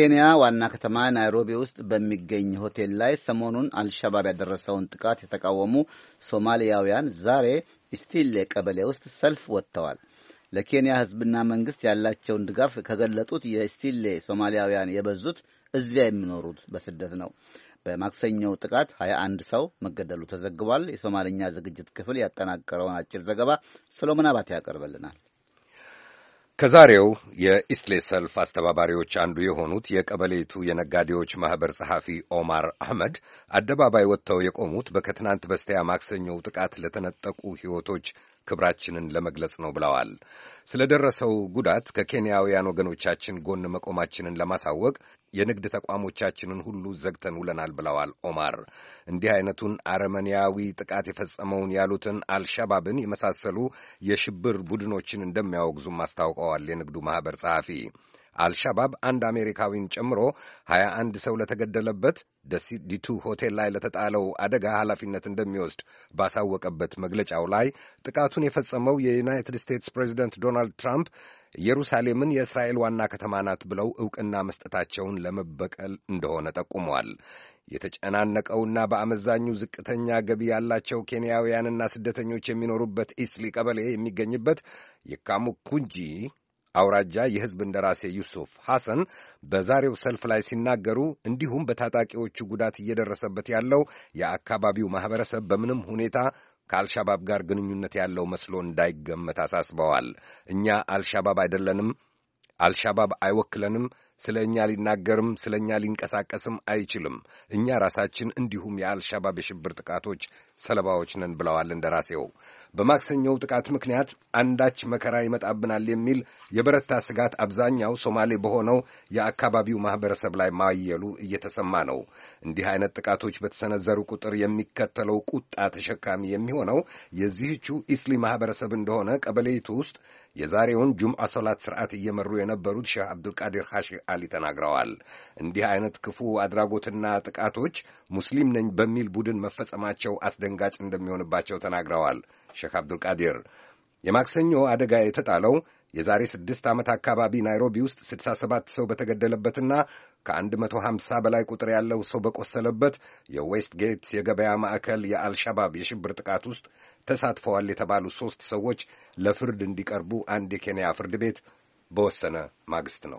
ኬንያ ዋና ከተማ ናይሮቢ ውስጥ በሚገኝ ሆቴል ላይ ሰሞኑን አልሸባብ ያደረሰውን ጥቃት የተቃወሙ ሶማሊያውያን ዛሬ ኢስቲሌ ቀበሌ ውስጥ ሰልፍ ወጥተዋል። ለኬንያ ሕዝብና መንግስት ያላቸውን ድጋፍ ከገለጡት የኢስቲሌ ሶማሊያውያን የበዙት እዚያ የሚኖሩት በስደት ነው። በማክሰኞው ጥቃት 21 ሰው መገደሉ ተዘግቧል። የሶማልኛ ዝግጅት ክፍል ያጠናቀረውን አጭር ዘገባ ሰሎሞን አባቴ ያቀርበልናል። ከዛሬው የኢስትሌ ሰልፍ አስተባባሪዎች አንዱ የሆኑት የቀበሌቱ የነጋዴዎች ማኅበር ጸሐፊ ኦማር አህመድ አደባባይ ወጥተው የቆሙት በከትናንት በስቲያ ማክሰኞው ጥቃት ለተነጠቁ ሕይወቶች ክብራችንን ለመግለጽ ነው ብለዋል። ስለ ደረሰው ጉዳት ከኬንያውያን ወገኖቻችን ጎን መቆማችንን ለማሳወቅ የንግድ ተቋሞቻችንን ሁሉ ዘግተን ውለናል ብለዋል ኦማር። እንዲህ አይነቱን አረመኔያዊ ጥቃት የፈጸመውን ያሉትን አልሸባብን የመሳሰሉ የሽብር ቡድኖችን እንደሚያወግዙም አስታውቀዋል የንግዱ ማኅበር ጸሐፊ አልሻባብ አንድ አሜሪካዊን ጨምሮ 21 ሰው ለተገደለበት ደሲዲቱ ሆቴል ላይ ለተጣለው አደጋ ኃላፊነት እንደሚወስድ ባሳወቀበት መግለጫው ላይ ጥቃቱን የፈጸመው የዩናይትድ ስቴትስ ፕሬዚደንት ዶናልድ ትራምፕ ኢየሩሳሌምን የእስራኤል ዋና ከተማ ናት ብለው ዕውቅና መስጠታቸውን ለመበቀል እንደሆነ ጠቁመዋል። የተጨናነቀውና በአመዛኙ ዝቅተኛ ገቢ ያላቸው ኬንያውያንና ስደተኞች የሚኖሩበት ኢስሊ ቀበሌ የሚገኝበት የካሙኩንጂ አውራጃ የሕዝብ እንደራሴ ዩሱፍ ሐሰን በዛሬው ሰልፍ ላይ ሲናገሩ እንዲሁም በታጣቂዎቹ ጉዳት እየደረሰበት ያለው የአካባቢው ማኅበረሰብ በምንም ሁኔታ ከአልሻባብ ጋር ግንኙነት ያለው መስሎ እንዳይገመት አሳስበዋል። እኛ አልሻባብ አይደለንም፣ አልሻባብ አይወክለንም፣ ስለ እኛ ሊናገርም ስለ እኛ ሊንቀሳቀስም አይችልም። እኛ ራሳችን እንዲሁም የአልሻባብ የሽብር ጥቃቶች ሰለባዎች ነን ብለዋል። እንደራሴው በማክሰኞው ጥቃት ምክንያት አንዳች መከራ ይመጣብናል የሚል የበረታ ስጋት አብዛኛው ሶማሌ በሆነው የአካባቢው ማኅበረሰብ ላይ ማየሉ እየተሰማ ነው። እንዲህ አይነት ጥቃቶች በተሰነዘሩ ቁጥር የሚከተለው ቁጣ ተሸካሚ የሚሆነው የዚህቹ ኢስሊ ማኅበረሰብ እንደሆነ ቀበሌይቱ ውስጥ የዛሬውን ጁምዓ ሶላት ስርዓት እየመሩ የነበሩት ሼህ አብዱልቃዲር ሐሺ አሊ ተናግረዋል። እንዲህ አይነት ክፉ አድራጎትና ጥቃቶች ሙስሊም ነኝ በሚል ቡድን መፈጸማቸው አስደ አስደንጋጭ እንደሚሆንባቸው ተናግረዋል። ሼክ አብዱልቃዲር የማክሰኞ አደጋ የተጣለው የዛሬ ስድስት ዓመት አካባቢ ናይሮቢ ውስጥ 6 ሰባት ሰው በተገደለበትና ከአንድ መቶ ሀምሳ በላይ ቁጥር ያለው ሰው በቆሰለበት የዌስት ጌት የገበያ ማዕከል የአልሻባብ የሽብር ጥቃት ውስጥ ተሳትፈዋል የተባሉ ሦስት ሰዎች ለፍርድ እንዲቀርቡ አንድ የኬንያ ፍርድ ቤት በወሰነ ማግስት ነው።